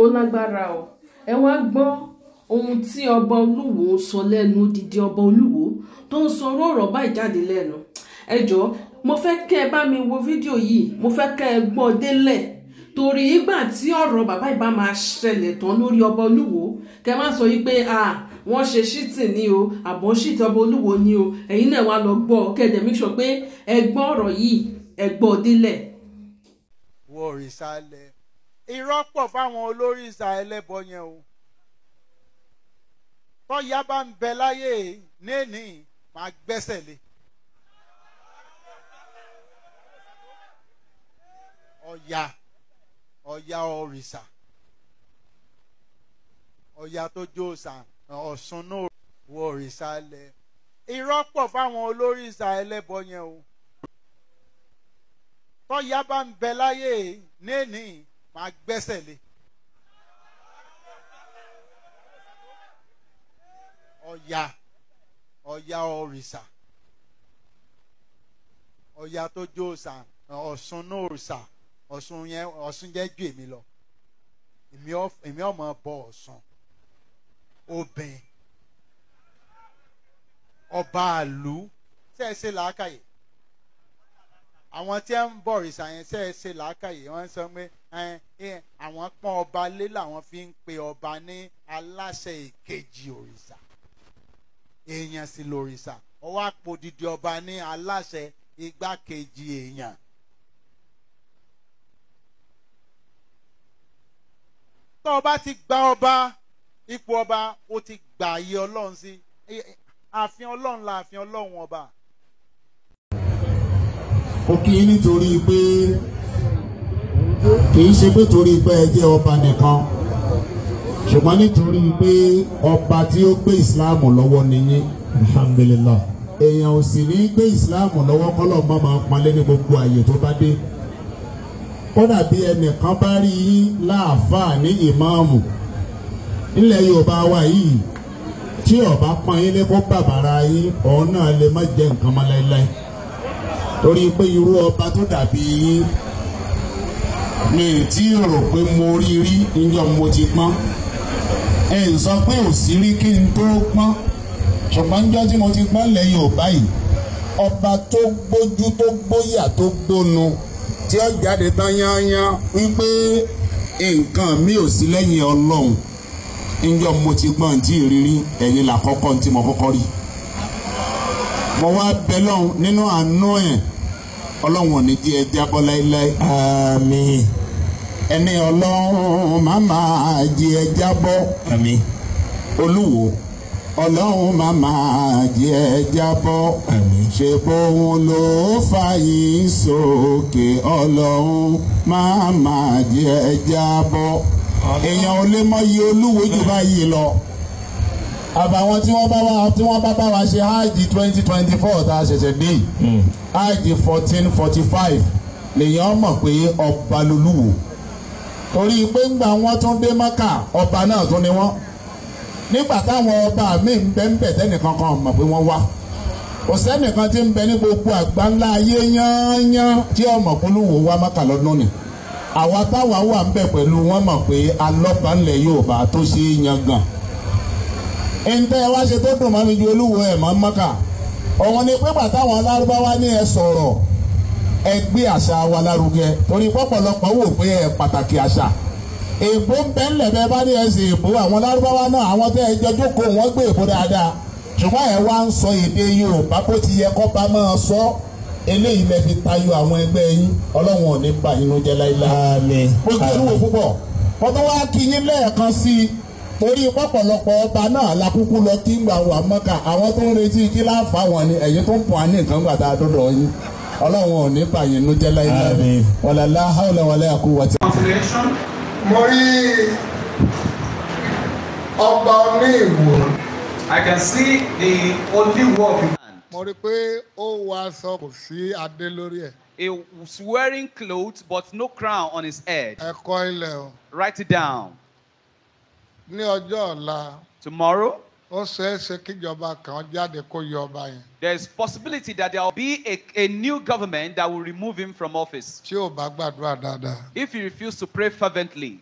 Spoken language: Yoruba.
ó lágbára o ẹ wá gbọ́ ohun tí ọba olúwo sọ lẹ́nu odidi ọba olúwo tó ń sọ orú ọ̀rọ̀ báyìí jáde lẹ́nu ẹ jọ mo fẹ́ kẹ́ ẹ bá mi wo fídíò yìí mo fẹ́ kẹ́ ẹ gbọ́ délẹ̀ torí ìgbà tí ọ̀rọ̀ bàbá ìbá máa ṣẹlẹ̀ tán lórí ọba olúwo kẹ́ má sọ yìí pé à wọ́n ṣe ṣítì ni o àbọ̀ ṣítì ọba olúwo ni o ẹ̀yin náà wá lọ gbọ́ kẹ́dẹ̀ mí sọ pé ẹ gbọ́ ọ̀rọ̀ yìí ẹ gbọ́ délẹ̀. wọ́ọ̀rì sálẹ̀ irọ́ pọ̀ fáwọn olórí ìsà ẹlẹ́bọ yẹn o tọ́yá bá ń bẹ láyé néèní màá gbẹ́sẹ̀ lé ọ̀yà ọ̀yà òrìṣà ọ̀yà tó jó òsà ọ̀sùn náà wọ òrìṣà lẹ irọ́ pọ̀ fáwọn olórí ìsà ẹlẹ́bọ yẹn o tọ́yá bá ń bẹ láyé néèní máa gbẹ́sẹ̀ lé ọ̀yà ọ̀yà òrìṣà ọ̀yà tó jó òòṣà ọ̀ṣun náà òrìṣà ọ̀ṣun yẹn ọ̀ṣun yẹn ju èmi lọ èmi ọmọ bọ ọ̀ṣun obìn ọba àlú ṣe é ṣe làákàyè àwọn tí wọn ń bọ òrìṣà yẹn ṣe é ṣe làákàyè wọn ń sọ pé àwọn pọ́n ọba lé làwọn fi ń pe ọba ní aláṣẹ ìkejì òrìṣà èèyàn sì lòrìṣà ọwọ́ àpòdìdì ọba ní aláṣẹ igbákejì èèyàn. tó o bá ti gba ọba ipò ọba o ti gbà ayé ọlọ́run sí ààfin ọlọ́run la ààfin ọlọ́run ọba. ó kí nítorí pé kì í ṣe pé torí pé ẹ jẹ́ ọba nìkan ṣùgbọ́n nítorí pé ọba tí ó gbé ìsìláàmù lọ́wọ́ nìyí. alhamdulillah. èèyàn ò sì ní gbé ìsìláàmù lọ́wọ́ kọ́lọ̀ mọ́ máa palẹ́ ní gbogbo àyè tó bá dé. kódà bí ẹnìkan bá rí yín láàfáà ní ìmáàmù nílẹ̀ yorùbá wa yìí tí ọba pọn yín lé kó bàbàrà yín òun náà lè má jẹ nǹkan mọ́ láéláé torí pé irú ọba tó dàbí yín mi ì tí rò pé mo rí rí níjọ́ mo ti pọ́n ẹ̀ ń sọ pé ò sí rí kí n tó pọ́n ṣùgbọ́n níjọ́ tí mo ti pọ́n lẹ́yìn ò báyìí ọba tó gbójú tó gbóyà tó gbónu tí ó jáde tán yányán wípé nǹkan mi ò sí lẹ́yìn ọlọ́run níjọ́ mo ti gbọ́n tí ìrírí ẹ̀yin là kọ́kọ́ tí mo kọ́kọ́ rí mo wá bẹ lọ́hùn nínú àánú ẹ̀ ọlọ́run ò ní jẹ́ ẹ jábọ́ láéláé. àmín. ẹni ọlọ́run má máa jẹ́ ẹ jábọ́. àmín. olúwo ọlọ́run má máa jẹ́ ẹ jábọ́. àmín. ṣe bóun ló fà yín sókè ọlọ́run má máa jẹ́ ẹ jábọ́. èèyàn ò lè mọyì olúwo jù báyìí lọ àfàwọn tí wọ́n bá wá tí wọ́n bá bá wa ṣe hajj twenty twenty four tá a ṣẹ̀ṣẹ̀ dé yìí hmm. hajj fourteen forty five lèyàn mọ̀ pé ọba lolúwo torí pé ńgbà wọ́n tún dé mọ́kà ọba náà tún ni wọ́n nígbà táwọn ọba mi ń bẹ ń bẹ tẹ́nìkan kan mọ̀ pé wọ́n wá kò sẹ́nìkan tí ń bẹ ní gbogbo àgbá ńlá ayé yányán tí ọmọ kúlúwo wá mọ́kà lọ́dún ni àwa táwa wà ń bẹ pẹ̀lú wọn mọ̀ pé alọ́ba ńlẹ̀ Yorùbá tó ṣe é yan gan-an ntẹ́ wá ṣe tó dùn mọ́ mi ju olúwo ẹ̀ máa ń mọ́kà ọ̀wọ́n ni pé bàtà àwọn alárúbáwá ní ẹ sọ̀rọ̀ ẹ gbé àṣà wa lárugẹ torí pọ̀pọ̀lọpọ̀ wò pé ẹ pàtàkì àṣà èèbó ń bẹ́ ńlẹ̀ bẹ́ẹ̀ bá ní ẹsẹ̀ èèbó àwọn lárúbáwá náà àwọn tẹ́ ẹ jọ jókòó wọ́n gbé èèbó dáadáa ṣùgbọ́n ẹ wá ń sọ èdè Yorùbá bó ti yẹ kó bá máa sọ eléyìí lẹ fi tayọ àwọn ẹgbẹ́ yín Ọlọ́run ò ní bá inú jẹ́ láíláí. àmín. gbogbo ìlú púpọ̀ wọ́n kí yín lẹ́ẹ̀kan sí i torí pọ̀pọ̀lọpọ̀ ọba náà lakúkú lọ kí ń gbà wà mọ́ka àwọn tó ń retí kí láǹfà wọn ni ẹ̀yin tó ń pọ̀ ní nǹkan gbà tá yín ọlọ́run ò ní bàyín nu jẹ́ láyé láyé wàlálà haúlẹ̀ wàlẹ́ àkúwọ̀tì. mo rí ọba ní ìwò. I can see the only work. mo rí pé ó wọ aṣọ kò sí adé lórí ẹ̀. He was wearing clothes but no crown on his head. Write it down ní ọjọ́ ọ̀la. tomorrow. ó ṣeé ṣe kíjọba kan jáde kó yọ ọba yẹn. there is possibility that there will be a, a new government that will remove him from office. tí ò bá gbàdúrà dáadáa. if he refuses to pray fervently.